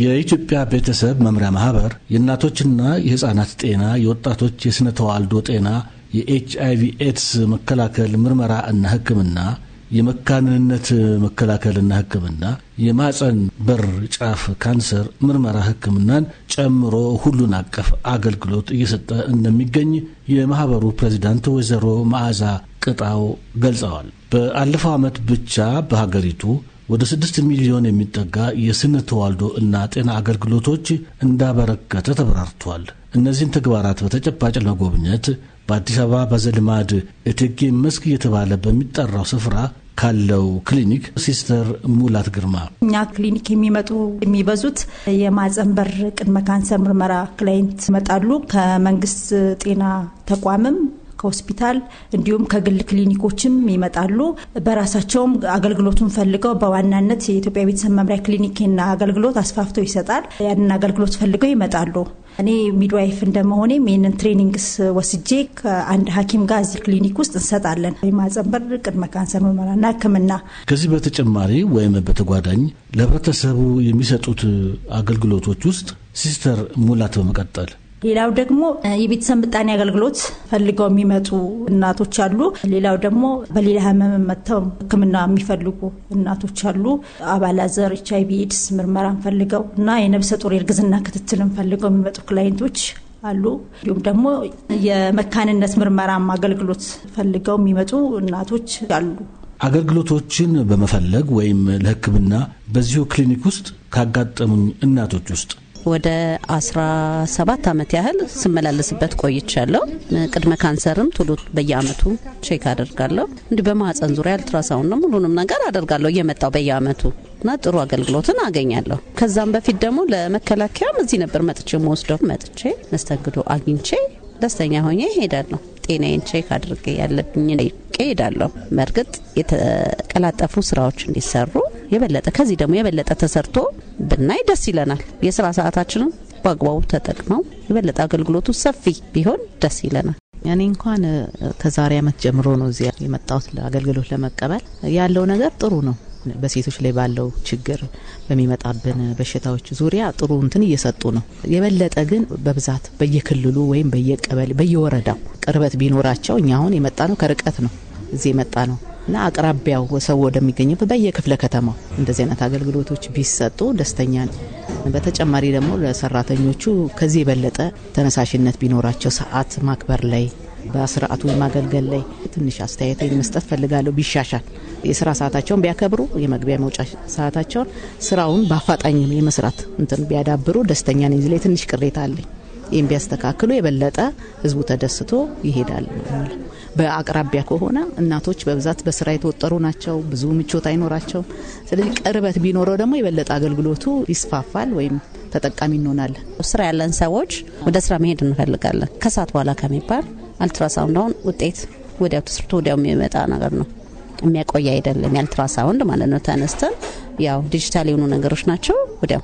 የኢትዮጵያ ቤተሰብ መምሪያ ማህበር የእናቶችና የህፃናት ጤና፣ የወጣቶች የስነ ተዋልዶ ጤና፣ የኤች ቪ ኤድስ መከላከል ምርመራ እና ሕክምና፣ የመካንነት እና ሕክምና፣ የማፀን በር ጫፍ ካንሰር ምርመራ ሕክምናን ጨምሮ ሁሉን አቀፍ አገልግሎት እየሰጠ እንደሚገኝ የማህበሩ ፕሬዚዳንት ወይዘሮ መዓዛ ቅጣው ገልጸዋል። በአለፈው ዓመት ብቻ በሀገሪቱ ወደ ስድስት ሚሊዮን የሚጠጋ የስነ ተዋልዶ እና ጤና አገልግሎቶች እንዳበረከተ ተብራርቷል። እነዚህን ተግባራት በተጨባጭ ለመጎብኘት በአዲስ አበባ በዘልማድ እቴጌ መስክ እየተባለ በሚጠራው ስፍራ ካለው ክሊኒክ ሲስተር ሙላት ግርማ እኛ ክሊኒክ የሚመጡ የሚበዙት የማህጸን በር ቅድመ ካንሰር ምርመራ ክላይንት ይመጣሉ። ከመንግስት ጤና ተቋምም ከሆስፒታል እንዲሁም ከግል ክሊኒኮችም ይመጣሉ። በራሳቸውም አገልግሎቱን ፈልገው በዋናነት የኢትዮጵያ ቤተሰብ መምሪያ ክሊኒክና አገልግሎት አስፋፍቶ ይሰጣል። ያንን አገልግሎት ፈልገው ይመጣሉ። እኔ ሚድዋይፍ እንደመሆኔም ይህንን ትሬኒንግስ ወስጄ ከአንድ ሐኪም ጋር እዚህ ክሊኒክ ውስጥ እንሰጣለን። የማህጸን በር ቅድመ ካንሰር ምርመራና ሕክምና። ከዚህ በተጨማሪ ወይም በተጓዳኝ ለህብረተሰቡ የሚሰጡት አገልግሎቶች ውስጥ ሲስተር ሙላት በመቀጠል ሌላው ደግሞ የቤተሰብ ምጣኔ አገልግሎት ፈልገው የሚመጡ እናቶች አሉ። ሌላው ደግሞ በሌላ ህመም መጥተው ሕክምና የሚፈልጉ እናቶች አሉ። አባላዘር፣ ኤች አይቪ ኤድስ ምርመራን ፈልገው እና የነብሰ ጡር የእርግዝና ክትትልን ፈልገው የሚመጡ ክላይንቶች አሉ። እንዲሁም ደግሞ የመካንነት ምርመራም አገልግሎት ፈልገው የሚመጡ እናቶች አሉ። አገልግሎቶችን በመፈለግ ወይም ለሕክምና በዚሁ ክሊኒክ ውስጥ ካጋጠሙኝ እናቶች ውስጥ ወደ 17 ዓመት ያህል ስመላለስበት ቆይቻለሁ። ቅድመ ካንሰርም ቶሎ በየአመቱ ቼክ አደርጋለሁ። እንዲህ በማህፀን ዙሪያ አልትራሳውን ነው ሁሉንም ነገር አደርጋለሁ እየመጣው በየአመቱ እና ጥሩ አገልግሎትን አገኛለሁ። ከዛም በፊት ደግሞ ለመከላከያም እዚህ ነበር መጥቼ መወስደው መጥቼ መስተንግዶ አግኝቼ ደስተኛ ሆኜ እሄዳለሁ። ጤናዬን ቼክ አድርጌ ያለብኝ እሄዳለሁ። በእርግጥ የተቀላጠፉ ስራዎች እንዲሰሩ የበለጠ ከዚህ ደግሞ የበለጠ ተሰርቶ ብናይ ደስ ይለናል። የስራ ሰዓታችንም በአግባቡ ተጠቅመው የበለጠ አገልግሎቱ ሰፊ ቢሆን ደስ ይለናል። እኔ እንኳን ከዛሬ ዓመት ጀምሮ ነው እዚያ የመጣሁት አገልግሎት ለመቀበል። ያለው ነገር ጥሩ ነው። በሴቶች ላይ ባለው ችግር በሚመጣብን በሽታዎች ዙሪያ ጥሩ እንትን እየሰጡ ነው። የበለጠ ግን በብዛት በየክልሉ ወይም በየቀበሌ በየወረዳው ቅርበት ቢኖራቸው እኛ አሁን የመጣ ነው ከርቀት ነው እዚህ የመጣ ነው እና አቅራቢያው ሰው ወደሚገኝበት በየክፍለ ከተማው እንደዚህ አይነት አገልግሎቶች ቢሰጡ ደስተኛ ነኝ። በተጨማሪ ደግሞ ለሰራተኞቹ ከዚህ የበለጠ ተነሳሽነት ቢኖራቸው ሰዓት ማክበር ላይ በስርዓቱ ማገልገል ላይ ትንሽ አስተያየት መስጠት ፈልጋለሁ። ቢሻሻል የስራ ሰዓታቸውን ቢያከብሩ፣ የመግቢያ መውጫ ሰዓታቸውን ስራውን በአፋጣኝ የመስራት እንትን ቢያዳብሩ ደስተኛ ነኝ። ዚ ላይ ትንሽ ቅሬታ አለኝ። ይህም ቢያስተካክሉ የበለጠ ህዝቡ ተደስቶ ይሄዳል። በአቅራቢያ ከሆነ እናቶች በብዛት በስራ የተወጠሩ ናቸው፣ ብዙ ምቾት አይኖራቸውም። ስለዚህ ቅርበት ቢኖረው ደግሞ የበለጠ አገልግሎቱ ይስፋፋል ወይም ተጠቃሚ እንሆናለን። ስራ ያለን ሰዎች ወደ ስራ መሄድ እንፈልጋለን። ከሰዓት በኋላ ከሚባል አልትራሳውንድ ውጤት ወዲያው ተስርቶ ወዲያው የሚመጣ ነገር ነው የሚያቆይ አይደለም። የአልትራሳውንድ ማለት ነው። ተነስተን ያው ዲጂታል የሆኑ ነገሮች ናቸው ወዲያው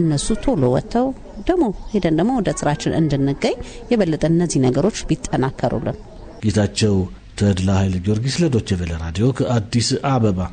እነሱ ቶሎ ወጥተው ደግሞ ሄደን ደግሞ ወደ ስራችን እንድንገኝ የበለጠ እነዚህ ነገሮች ቢጠናከሩልን። ጌታቸው ተድላ ኃይለ ጊዮርጊስ ለዶቼ ቬለ ራዲዮ ከአዲስ አበባ